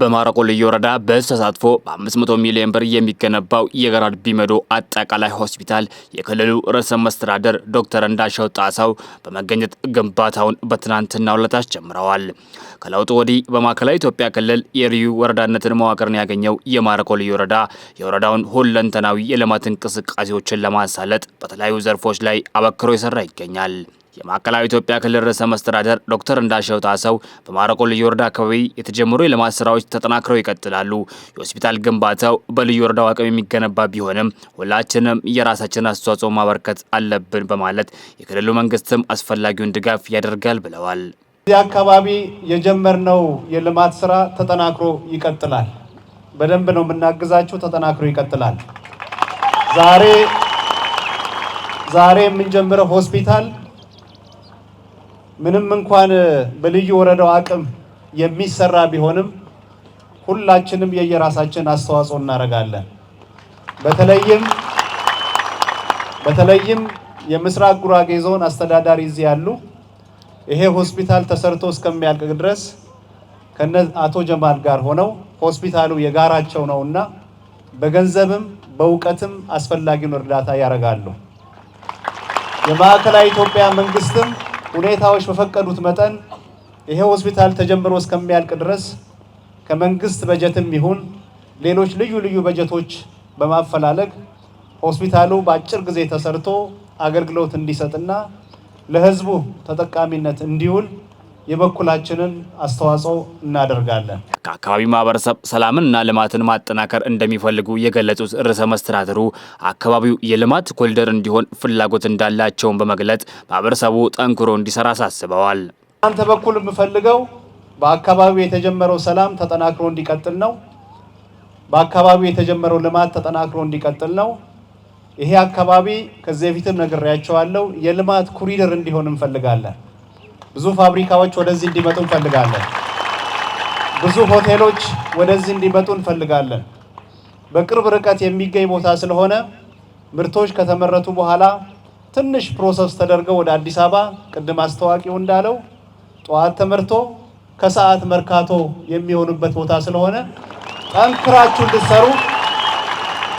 በማረቆ ልዩ ወረዳ በዝ ተሳትፎ በ500 ሚሊዮን ብር የሚገነባው የገራድ ቢመዶ አጠቃላይ ሆስፒታል የክልሉ ርዕሰ መስተዳደር ዶክተር እንዳሻው ጣሳው በመገኘት ግንባታውን በትናንትናው ዕለት አስጀምረዋል። ከለውጡ ወዲህ በማዕከላዊ ኢትዮጵያ ክልል የልዩ ወረዳነትን መዋቅርን ያገኘው የማረቆ ልዩ ወረዳ የወረዳውን ሁለንተናዊ የልማት እንቅስቃሴዎችን ለማሳለጥ በተለያዩ ዘርፎች ላይ አበክሮ የሰራ ይገኛል። የማዕከላዊ ኢትዮጵያ ክልል ርዕሰ መስተዳደር ዶክተር እንዳሸው ታሰው በማረቆ ልዩ ወረዳ አካባቢ የተጀመሩ የልማት ስራዎች ተጠናክረው ይቀጥላሉ። የሆስፒታል ግንባታው በልዩ ወረዳው አቅም የሚገነባ ቢሆንም ሁላችንም የራሳችን አስተዋጽኦ ማበርከት አለብን በማለት የክልሉ መንግስትም አስፈላጊውን ድጋፍ ያደርጋል ብለዋል። እዚህ አካባቢ የጀመርነው የልማት ስራ ተጠናክሮ ይቀጥላል። በደንብ ነው የምናግዛችሁ። ተጠናክሮ ይቀጥላል። ዛሬ ዛሬ የምንጀምረው ሆስፒታል ምንም እንኳን በልዩ ወረዳው አቅም የሚሰራ ቢሆንም ሁላችንም የየራሳችን አስተዋጽኦ እናደርጋለን። በተለይም በተለይም የምስራቅ ጉራጌ ዞን አስተዳዳሪ እዚህ ያሉ ይሄ ሆስፒታል ተሰርቶ እስከሚያልቅ ድረስ ከነ አቶ ጀማል ጋር ሆነው ሆስፒታሉ የጋራቸው ነውና በገንዘብም በእውቀትም አስፈላጊውን እርዳታ ያደርጋሉ። የማዕከላዊ ኢትዮጵያ መንግስትም ሁኔታዎች በፈቀዱት መጠን ይሄ ሆስፒታል ተጀምሮ እስከሚያልቅ ድረስ ከመንግስት በጀትም ይሁን ሌሎች ልዩ ልዩ በጀቶች በማፈላለግ ሆስፒታሉ በአጭር ጊዜ ተሰርቶ አገልግሎት እንዲሰጥና ለህዝቡ ተጠቃሚነት እንዲውል የበኩላችንን አስተዋጽኦ እናደርጋለን። ከአካባቢ ማህበረሰብ ሰላምንና ልማትን ማጠናከር እንደሚፈልጉ የገለጹት ርዕሰ መስተዳድሩ አካባቢው የልማት ኮሪደር እንዲሆን ፍላጎት እንዳላቸውን በመግለጽ ማህበረሰቡ ጠንክሮ እንዲሰራ አሳስበዋል። አንተ በኩል የምፈልገው በአካባቢው የተጀመረው ሰላም ተጠናክሮ እንዲቀጥል ነው። በአካባቢው የተጀመረው ልማት ተጠናክሮ እንዲቀጥል ነው። ይሄ አካባቢ ከዚህ በፊትም ነግሬያቸዋለሁ፣ የልማት ኮሪደር እንዲሆን እንፈልጋለን። ብዙ ፋብሪካዎች ወደዚህ እንዲመጡ እንፈልጋለን። ብዙ ሆቴሎች ወደዚህ እንዲመጡ እንፈልጋለን። በቅርብ ርቀት የሚገኝ ቦታ ስለሆነ ምርቶች ከተመረቱ በኋላ ትንሽ ፕሮሰስ ተደርገው ወደ አዲስ አበባ ቅድም አስተዋቂው እንዳለው ጠዋት ተመርቶ ከሰዓት መርካቶ የሚሆኑበት ቦታ ስለሆነ ጠንክራችሁ እንድትሰሩ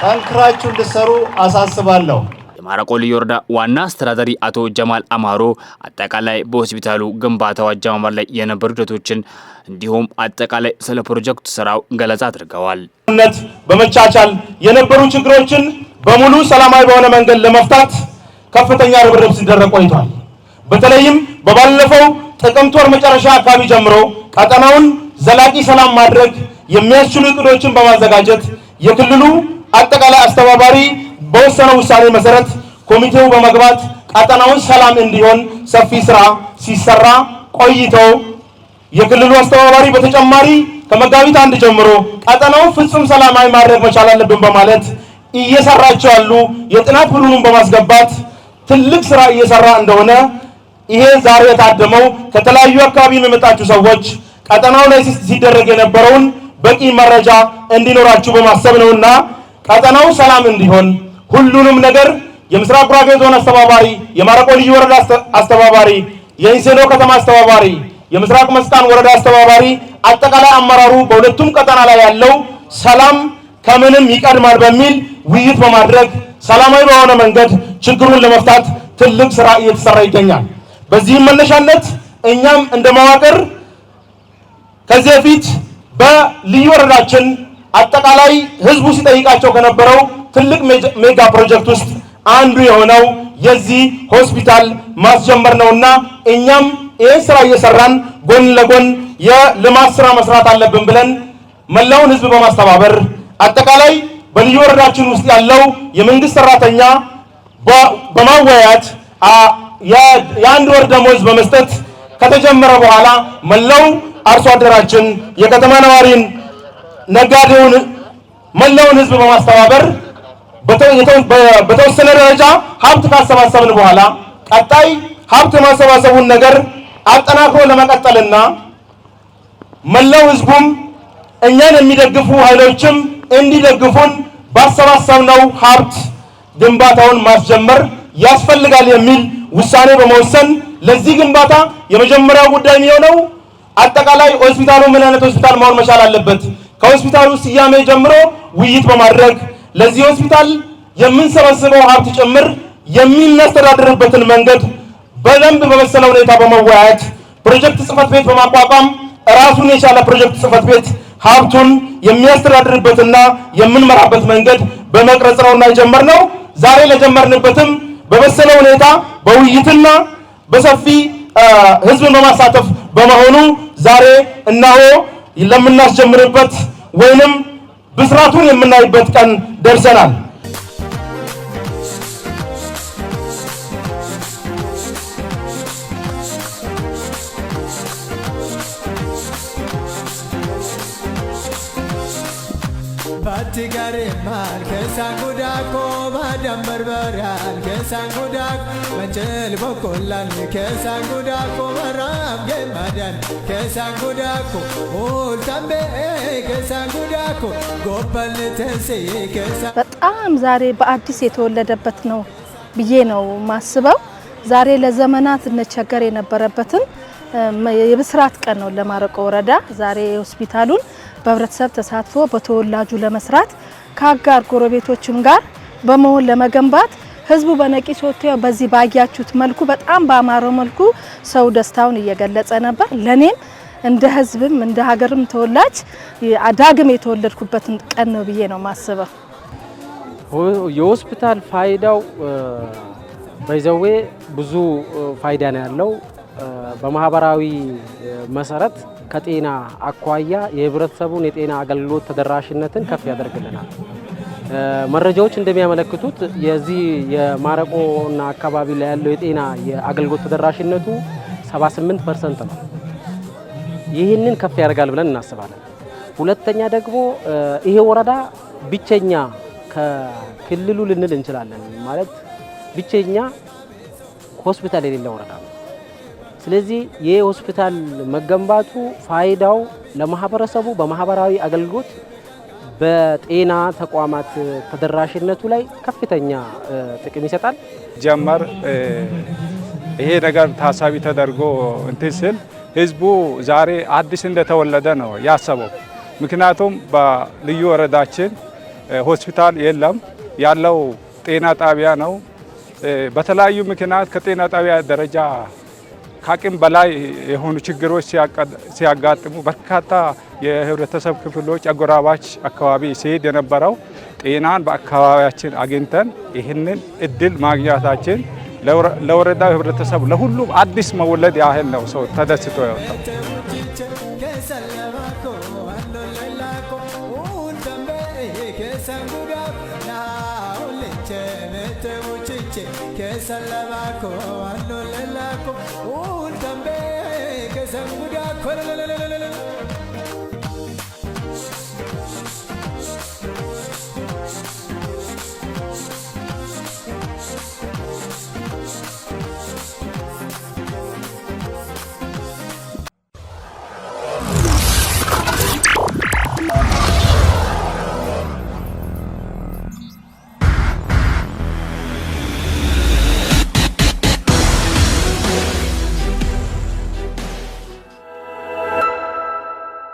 ጠንክራችሁ እንድትሰሩ አሳስባለሁ። የማረቆ ልዩ ወረዳ ዋና አስተዳዳሪ አቶ ጀማል አማሮ አጠቃላይ በሆስፒታሉ ግንባታው አጀማመር ላይ የነበሩ ሂደቶችን እንዲሁም አጠቃላይ ስለ ፕሮጀክቱ ስራው ገለጻ አድርገዋል። በመቻቻል የነበሩ ችግሮችን በሙሉ ሰላማዊ በሆነ መንገድ ለመፍታት ከፍተኛ ርብርብ ሲደረግ ቆይቷል። በተለይም በባለፈው ጥቅምት ወር መጨረሻ አካባቢ ጀምሮ ቀጠናውን ዘላቂ ሰላም ማድረግ የሚያስችሉ እቅዶችን በማዘጋጀት የክልሉ አጠቃላይ አስተባባሪ በወሰነው ውሳኔ መሰረት ኮሚቴው በመግባት ቀጠናውን ሰላም እንዲሆን ሰፊ ስራ ሲሰራ ቆይተው የክልሉ አስተባባሪ በተጨማሪ ከመጋቢት አንድ ጀምሮ ቀጠናውን ፍጹም ሰላማዊ ማድረግ መቻል አለብን በማለት እየሰራቸው ያሉ የጥናት ቡድኑን በማስገባት ትልቅ ስራ እየሰራ እንደሆነ ይሄ ዛሬ የታደመው ከተለያዩ አካባቢ የሚመጣችሁ ሰዎች ቀጠናው ላይ ሲደረግ የነበረውን በቂ መረጃ እንዲኖራችሁ በማሰብ ነውና ቀጠናው ሰላም እንዲሆን ሁሉንም ነገር የምስራቅ ጉራጌ ዞን አስተባባሪ፣ የማረቆ ልዩ ወረዳ አስተባባሪ፣ የኢንሴኖ ከተማ አስተባባሪ፣ የምስራቅ መስቃን ወረዳ አስተባባሪ፣ አጠቃላይ አመራሩ በሁለቱም ቀጠና ላይ ያለው ሰላም ከምንም ይቀድማል በሚል ውይይት በማድረግ ሰላማዊ በሆነ መንገድ ችግሩን ለመፍታት ትልቅ ስራ እየተሰራ ይገኛል። በዚህም መነሻነት እኛም እንደ መዋቅር ከዚህ በፊት በልዩ ወረዳችን አጠቃላይ ህዝቡ ሲጠይቃቸው ከነበረው ትልቅ ሜጋ ፕሮጀክት ውስጥ አንዱ የሆነው የዚህ ሆስፒታል ማስጀመር ነውና እኛም ይህን ስራ እየሰራን ጎን ለጎን የልማት ስራ መስራት አለብን ብለን መላውን ህዝብ በማስተባበር አጠቃላይ በልዩ ወረዳችን ውስጥ ያለው የመንግስት ሰራተኛ በማወያት የአንድ ወር ደሞዝ በመስጠት ከተጀመረ በኋላ መላው አርሶ አደራችን የከተማ ነዋሪን፣ ነጋዴውን፣ መላውን ህዝብ በማስተባበር በተወሰነ ደረጃ ሀብት ካሰባሰብን በኋላ ቀጣይ ሀብት የማሰባሰቡን ነገር አጠናክሮ ለመቀጠልና መላው ህዝቡም እኛን የሚደግፉ ኃይሎችም እንዲደግፉን ባሰባሰብነው ሀብት ግንባታውን ማስጀመር ያስፈልጋል የሚል ውሳኔ በመወሰን ለዚህ ግንባታ የመጀመሪያው ጉዳይ የሚሆነው አጠቃላይ ሆስፒታሉ ምን አይነት ሆስፒታል መሆን መቻል አለበት፣ ከሆስፒታሉ ስያሜ ጀምሮ ውይይት በማድረግ ለዚህ ሆስፒታል የምንሰበስበው ሀብት ጭምር የሚናስተዳድርበትን መንገድ በደንብ በመሰለ ሁኔታ በመወያየት ፕሮጀክት ጽህፈት ቤት በማቋቋም ራሱን የቻለ ፕሮጀክት ጽህፈት ቤት ሀብቱን የሚያስተዳድርበትና የምንመራበት መንገድ በመቅረጽ ነውና የጀመርነው። ዛሬ ለጀመርንበትም በመሰለ ሁኔታ በውይይትና በሰፊ ህዝብን በማሳተፍ በመሆኑ ዛሬ እናሆ ለምናስጀምርበት ወይንም ብስራቱን የምናይበት ቀን ደርሰናል። ሲገርማል ከሳን ጉዳኮ ባዳም በርበሪያን ከሳን መንጭል በቆላን ከሳን መራም ገማዳን ከሳን ጉዳኮ ሙልታምቤ ጎበል ተንሴ በጣም ዛሬ በአዲስ የተወለደበት ነው ብዬ ነው ማስበው። ዛሬ ለዘመናት እንቸገር የነበረበትን የብስራት ቀን ነው ለማረቆ ወረዳ ዛሬ ሆስፒታሉን በህብረተሰብ ተሳትፎ በተወላጁ ለመስራት ከአጋር ጎረቤቶችም ጋር በመሆን ለመገንባት ህዝቡ በነቂስ ወጥቶ በዚህ ባያችሁት መልኩ በጣም ባማረው መልኩ ሰው ደስታውን እየገለጸ ነበር። ለኔም እንደ ህዝብም እንደ ሀገርም ተወላጅ ዳግም የተወለድኩበትን ቀን ነው ብዬ ነው ማስበው። የሆስፒታል ፋይዳው በይዘዌ ብዙ ፋይዳ ነው ያለው በማህበራዊ መሰረት ከጤና አኳያ የህብረተሰቡን የጤና አገልግሎት ተደራሽነትን ከፍ ያደርግልናል። መረጃዎች እንደሚያመለክቱት የዚህ የማረቆና አካባቢ ላይ ያለው የጤና የአገልግሎት ተደራሽነቱ 78 ፐርሰንት ነው። ይህንን ከፍ ያደርጋል ብለን እናስባለን። ሁለተኛ ደግሞ ይሄ ወረዳ ብቸኛ ከክልሉ ልንል እንችላለን ማለት ብቸኛ ሆስፒታል የሌለ ወረዳ ነው። ስለዚህ ይህ ሆስፒታል መገንባቱ ፋይዳው ለማህበረሰቡ በማህበራዊ አገልግሎት በጤና ተቋማት ተደራሽነቱ ላይ ከፍተኛ ጥቅም ይሰጣል። ጀመር ይሄ ነገር ታሳቢ ተደርጎ እንትን ስል ህዝቡ ዛሬ አዲስ እንደተወለደ ነው ያሰበው። ምክንያቱም በልዩ ወረዳችን ሆስፒታል የለም፣ ያለው ጤና ጣቢያ ነው። በተለያዩ ምክንያት ከጤና ጣቢያ ደረጃ ከአቅም በላይ የሆኑ ችግሮች ሲያጋጥሙ በርካታ የህብረተሰብ ክፍሎች አጎራባች አካባቢ ሲሄድ የነበረው ጤናን በአካባቢያችን አግኝተን ይህንን እድል ማግኘታችን ለወረዳው ህብረተሰብ ለሁሉም አዲስ መውለድ ያህል ነው። ሰው ተደስቶ ያወጣ ሰላማኮ Sen bu da